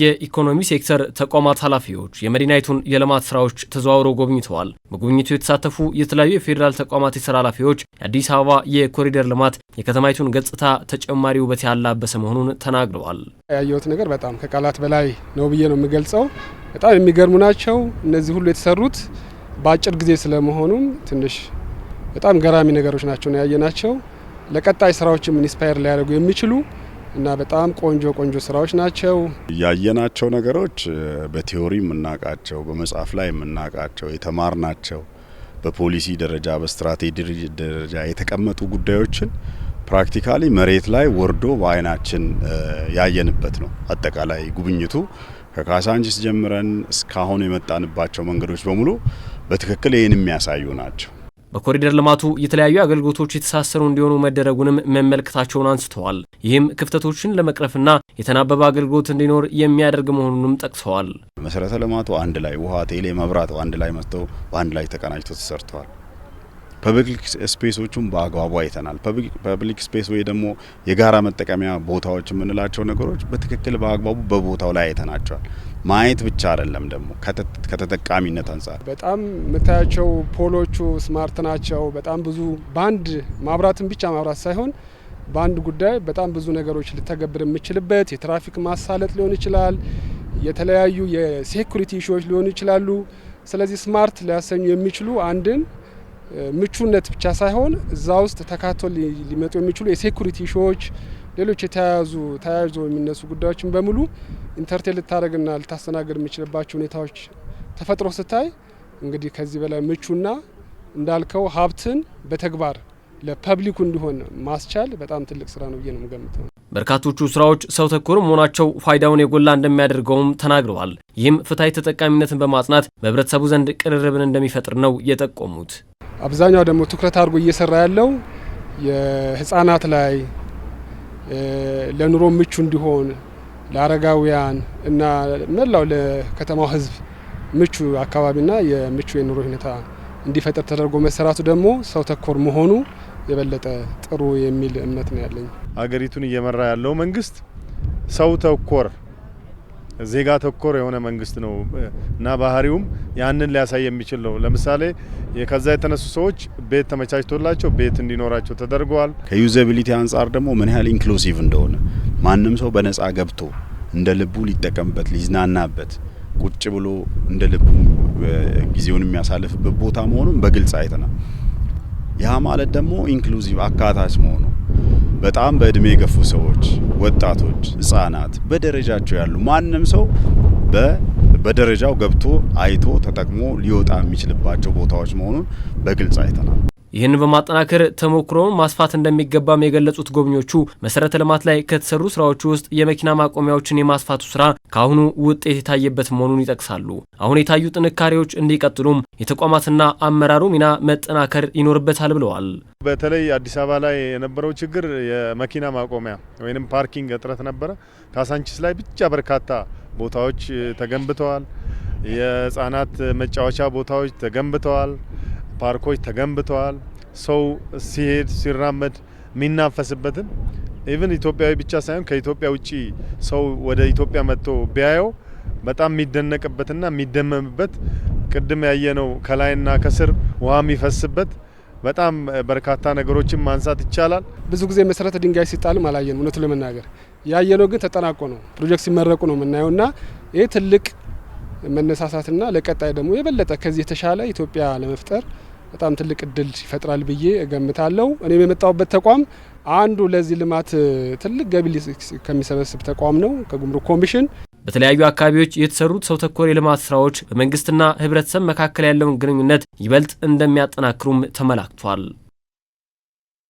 የኢኮኖሚ ሴክተር ተቋማት ኃላፊዎች የመዲናይቱን የልማት ስራዎች ተዘዋውረው ጎብኝተዋል። በጉብኝቱ የተሳተፉ የተለያዩ የፌዴራል ተቋማት የስራ ኃላፊዎች የአዲስ አበባ የኮሪደር ልማት የከተማይቱን ገጽታ ተጨማሪ ውበት ያላበሰ መሆኑን ተናግረዋል። ያየሁት ነገር በጣም ከቃላት በላይ ነው ብዬ ነው የምገልጸው። በጣም የሚገርሙ ናቸው። እነዚህ ሁሉ የተሰሩት በአጭር ጊዜ ስለመሆኑም ትንሽ በጣም ገራሚ ነገሮች ናቸው ነው ያየናቸው። ለቀጣይ ስራዎችም ኢንስፓየር ሊያደርጉ የሚችሉ እና በጣም ቆንጆ ቆንጆ ስራዎች ናቸው። ያየናቸው ነገሮች በቴዎሪ የምናውቃቸው፣ በመጽሐፍ ላይ የምናውቃቸው፣ የተማርናቸው በፖሊሲ ደረጃ በስትራቴጂ ደረጃ የተቀመጡ ጉዳዮችን ፕራክቲካሊ መሬት ላይ ወርዶ በአይናችን ያየንበት ነው። አጠቃላይ ጉብኝቱ ከካሳንቺስ ጀምረን እስካሁን የመጣንባቸው መንገዶች በሙሉ በትክክል ይህን የሚያሳዩ ናቸው። በኮሪደር ልማቱ የተለያዩ አገልግሎቶች የተሳሰሩ እንዲሆኑ መደረጉንም መመልከታቸውን አንስተዋል። ይህም ክፍተቶችን ለመቅረፍና የተናበበ አገልግሎት እንዲኖር የሚያደርግ መሆኑንም ጠቅሰዋል። መሰረተ ልማቱ አንድ ላይ ውሃ፣ ቴሌ፣ መብራት አንድ ላይ መጥተው በአንድ ላይ ተቀናጅቶ ተሰርተዋል። ፐብሊክ ስፔሶቹን በአግባቡ አይተናል። ፐብሊክ ስፔስ ወይ ደግሞ የጋራ መጠቀሚያ ቦታዎች የምንላቸው ነገሮች በትክክል በአግባቡ በቦታው ላይ አይተናቸዋል። ማየት ብቻ አይደለም ደግሞ ከተጠቃሚነት አንጻር በጣም የምታያቸው ፖሎቹ ስማርት ናቸው። በጣም ብዙ በአንድ ማብራትን ብቻ ማብራት ሳይሆን በአንድ ጉዳይ በጣም ብዙ ነገሮች ልተገብር የምችልበት የትራፊክ ማሳለጥ ሊሆን ይችላል፣ የተለያዩ የሴኩሪቲ ኢሹዎች ሊሆኑ ይችላሉ። ስለዚህ ስማርት ሊያሰኙ የሚችሉ አንድን ምቹነት ብቻ ሳይሆን እዛ ውስጥ ተካቶ ሊመጡ የሚችሉ የሴኩሪቲ ሾዎች፣ ሌሎች የተያያዙ ተያይዞ የሚነሱ ጉዳዮችን በሙሉ ኢንተርቴን ልታደርግና ልታስተናገድ የሚችልባቸው ሁኔታዎች ተፈጥሮ ስታይ እንግዲህ ከዚህ በላይ ምቹና እንዳልከው ሀብትን በተግባር ለፐብሊኩ እንዲሆን ማስቻል በጣም ትልቅ ስራ ነው ብዬ ነው የምገምተው። በርካቶቹ ስራዎች ሰው ተኮር መሆናቸው ፋይዳውን የጎላ እንደሚያደርገውም ተናግረዋል። ይህም ፍትሐዊ ተጠቃሚነትን በማጽናት በህብረተሰቡ ዘንድ ቅርርብን እንደሚፈጥር ነው የጠቆሙት። አብዛኛው ደግሞ ትኩረት አድርጎ እየሰራ ያለው የህፃናት ላይ ለኑሮ ምቹ እንዲሆን ለአረጋውያን እና መላው ለከተማው ህዝብ ምቹ አካባቢና የምቹ የኑሮ ሁኔታ እንዲፈጠር ተደርጎ መሰራቱ ደግሞ ሰው ተኮር መሆኑ የበለጠ ጥሩ የሚል እምነት ነው ያለኝ። አገሪቱን እየመራ ያለው መንግስት ሰው ተኮር ዜጋ ተኮር የሆነ መንግስት ነው እና ባህሪውም ያንን ሊያሳይ የሚችል ነው። ለምሳሌ ከዛ የተነሱ ሰዎች ቤት ተመቻችቶላቸው ቤት እንዲኖራቸው ተደርገዋል። ከዩዘቢሊቲ አንጻር ደግሞ ምን ያህል ኢንክሉሲቭ እንደሆነ ማንም ሰው በነጻ ገብቶ እንደ ልቡ ሊጠቀምበት ሊዝናናበት ቁጭ ብሎ እንደ ልቡ ጊዜውን የሚያሳልፍበት ቦታ መሆኑን በግልጽ አይተናል። ያ ማለት ደግሞ ኢንክሉዚቭ አካታች መሆኑ በጣም በእድሜ የገፉ ሰዎች፣ ወጣቶች፣ ህጻናት፣ በደረጃቸው ያሉ ማንም ሰው በደረጃው ገብቶ አይቶ ተጠቅሞ ሊወጣ የሚችልባቸው ቦታዎች መሆኑን በግልጽ አይተናል። ይህን በማጠናከር ተሞክሮውን ማስፋት እንደሚገባም የገለጹት ጎብኚዎቹ መሰረተ ልማት ላይ ከተሰሩ ስራዎች ውስጥ የመኪና ማቆሚያዎችን የማስፋቱ ስራ ከአሁኑ ውጤት የታየበት መሆኑን ይጠቅሳሉ። አሁን የታዩ ጥንካሬዎች እንዲቀጥሉም የተቋማትና አመራሩ ሚና መጠናከር ይኖርበታል ብለዋል። በተለይ አዲስ አበባ ላይ የነበረው ችግር የመኪና ማቆሚያ ወይም ፓርኪንግ እጥረት ነበረ። ካሳንቺስ ላይ ብቻ በርካታ ቦታዎች ተገንብተዋል። የህጻናት መጫወቻ ቦታዎች ተገንብተዋል። ፓርኮች ተገንብተዋል። ሰው ሲሄድ ሲራመድ የሚናፈስበትን ኢቨን ኢትዮጵያዊ ብቻ ሳይሆን ከኢትዮጵያ ውጭ ሰው ወደ ኢትዮጵያ መጥቶ ቢያየው በጣም የሚደነቅበትና የሚደመምበት ቅድም ያየነው ከላይና ከስር ውሃ የሚፈስበት በጣም በርካታ ነገሮችን ማንሳት ይቻላል። ብዙ ጊዜ መሰረተ ድንጋይ ሲጣልም አላየንም እውነቱ ለመናገር ያየነው ግን ተጠናቆ ነው ፕሮጀክት ሲመረቁ ነው የምናየው እና ይህ ትልቅ መነሳሳትና ለቀጣይ ደግሞ የበለጠ ከዚህ የተሻለ ኢትዮጵያ ለመፍጠር በጣም ትልቅ እድል ይፈጥራል ብዬ እገምታለሁ። እኔም የመጣሁበት ተቋም አንዱ ለዚህ ልማት ትልቅ ገቢ ከሚሰበስብ ተቋም ነው ከጉምሩክ ኮሚሽን። በተለያዩ አካባቢዎች የተሰሩት ሰው ተኮር የልማት ስራዎች በመንግስትና ህብረተሰብ መካከል ያለውን ግንኙነት ይበልጥ እንደሚያጠናክሩም ተመላክቷል።